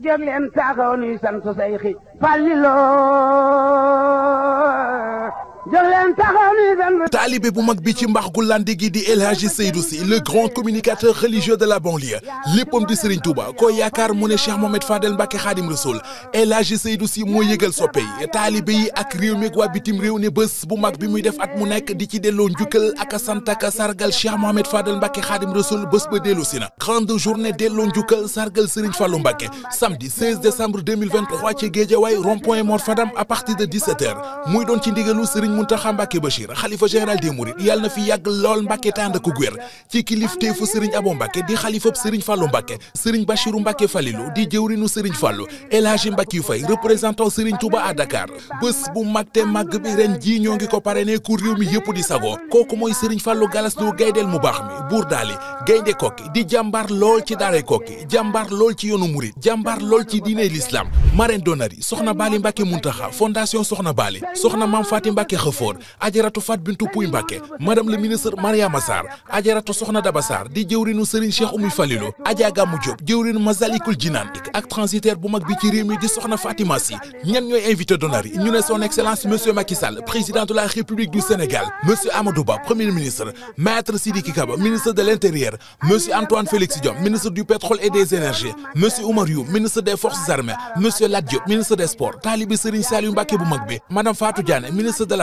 jóg leen taxaw nuy sant Seyxi Falilu taalibe bu mag bi ci mbax gu landi gi di El Hadji Seydou Sy le grand communicateur religieux de la banlieue léppam di Serigne Touba ko yaakaar mu ne Cheikh Mohamed Fadel Mbacke Khadim Rasoul El Hadji Seydou Sy moo yëgal soppe taalibe yi ak réew mi waa bitim réew ne bés bu mag bi muy def ak mu nekk di ci dello njukkal ak sant ak sargal Cheikh Mohamed Fadel Mbacke Khadim Rasoul bés ba dellu si na grande journée delloo njukkal sargal Serigne Fallou Mbacke samedi de 17 Serigne Mountakha Mbacké Bachir xalifa général des Mourides yàlla na fi yàgg lool Mbacké tànd ak gwér ci kilifteefu Serigne Abo Mbacké di xalifab Serigne Fallou Mbacké Serigne Bachiru Mbacké Falilou di jëwrinu Serigne Fallou El Hadji yu fay représentant Serigne Touba à Dakar bés bu mag te màgg bi ren jii ñoo ngi ko parrainé ku réew mi yëpp di sago kooku mooy Serigne Fallou Galas Lo gaydeel mu baax mi buur daali gaynde kokki di jàmbaar lool ci daare kokki jàmbaar lool ci yoonu murit jàmbaar lool ci diine l'islam Marraine d'honneur yi soxna Bali Mbacké Mountakha fondation soxna Bali soxna Mame Faty Mbacké Xëfoon ajaratu Fat Bintou Pouy Mbàkke madame le ministre Mariama Sarr ajaratu Soxna Daba Sarr di jëwrinu Serigne Cheikh Oumy Falilou Adja Gamou Diop jëwrinu Masalikul Jinaan ak transitaire bu mag bi ci réew mi di Soxna Fatima Si ñooy invité d'honneur ñu ne son excellence monsieur Macky président de la République du Sénégal monsieur Amadou premier ministre maître Sidiki Kaba ministre de l'Intérieur monsieur Antoine Félix Diome ministre du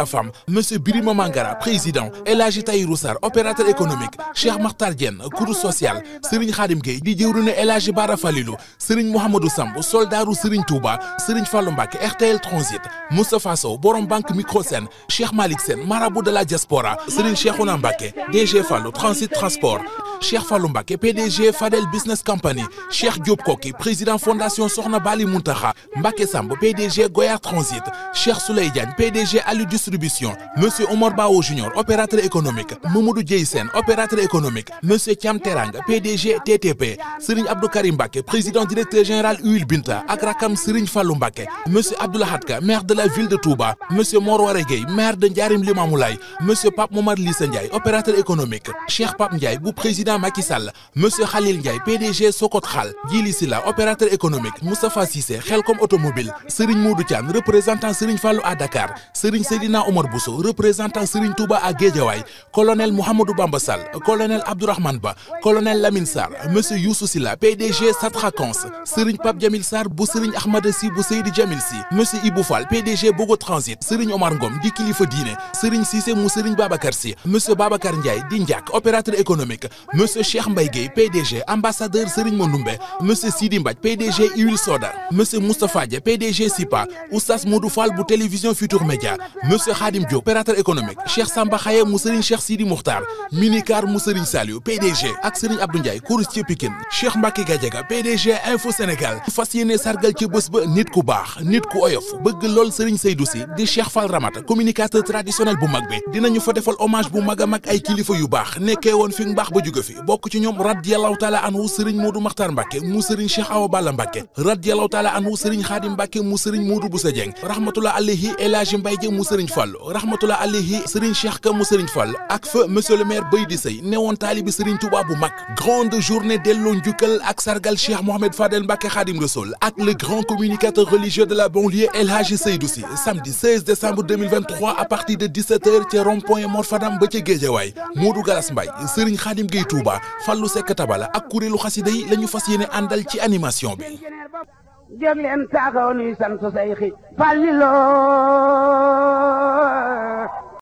Femme m Birima Mangara président El Hadji Tahirou Sarr opérateur économique Cheikh Makhtar Diène kuréel social Serigne Khadim Gueye di jëwriñu El Hadji Bara Falilou Serigne Mouhamadou Samb soldaaru Serigne Touba Serigne Fallou Mbacké RTL Transit Moustapha Sow borom banque Microsen Cheikh Malick Sène marabout de la diaspora Serigne Cheikhouna Mbacké DG Fallou Transit Transport Cheikh Fallou Mbacké PDG Fadel Business Company Cheikh Diop Koki président fondation Soxna Bali Muntaxa Mbacké Samb PDG Goyar Transit Cheikh Souley Diagne PDG Alu Distribution Monsieur Omar Bao Junior opérateur économique Mamadou Dieye Sène opérateur économique m Thiam Teranga PDG TTP Serigne Abdou Karim Mbacké président directeur général Huile Binta ak rakam Serigne Fallou Mbacké Monsieur Abdoulahat Ka maire de la ville de Touba Monsieur Mor Waré Gueye maire de Ndiarim Limamoulaye Monsieur Pape Momar opérateur économique Cheikh président Macky Sall monsieur Khalil Ndiaye PDG Socotraal Djili Silla opérateur économique Moustapha Cissé Khelcom automobile Serigne Modou Thiam représentant Serigne Fallou à Dakar Serigne Seydina Omar Bousso représentant Serigne Touba à Guédiawaye colonel Mouhamadou Bamba Sall colonel Abdourahmane Ba colonel Lamine Sarr monsieur Youssou Silla PDG Satracons Serigne Pape Jamil Sarr bu Serigne Ahmada Sy bu Seydi Jamil Sy monsieur Ibou Fall PDG Bogo Transit Serigne Omar Ngom di kilifa diine Serigne Cissé mu Serigne monsieur Cheikh Mbaye Guèye PDG ambassadeur Serigne Mandoumbe monsieur Sidi Mbaj PDG Huile Soda monsieur Moustapha Dia PDG SIPA oustaz Modou Fall bu télévision Futur Média monsieur Khadim Diop opérateur économique Cheikh Samba mu Serigne Cheikh Sidi Moukhtar Minicar mu Serigne Saliou PDG ak Serigne Abdou Ndiaye Kouroustier Pikine Cheikh Mbacké Gadiaga PDG Info Sénégal fas yéene sargal ci bés ba nit ku baax nit ku oyof bëgg lool Serigne Seydou Sy di Cheikh Fall Ramata communicateur traditionnel bu mag a fi bokk ci ñoom radiyallahu taala anhu sëriñ Modou Makhtar Mbacke mu sëriñ Cheikh Awa Balla Mbacke radiyallahu taala sëriñ Khadim Mbacke mu sëriñ Modou Boussa Dieng rahmatullah alayhi El Hadji Mbaye Dieng mu sëriñ Fall rahmatullah alayhi sëriñ Cheikh Ka mu sëriñ Fall ak fa monsieur le maire Baydi Sey newoon taalibi sëriñ Touba bu mag grande journée delloo njukkal ak sargal Cheikh Mohamed Fadel Mbacke Khadim Rassoul ak le grand communicateur religieux de la Touba Fallou Seck Tabala ak kuréelu xasida yi la ñu fas yéene àndal ci animation bi. jóg leen taxaw nuy sant say xi Falliloo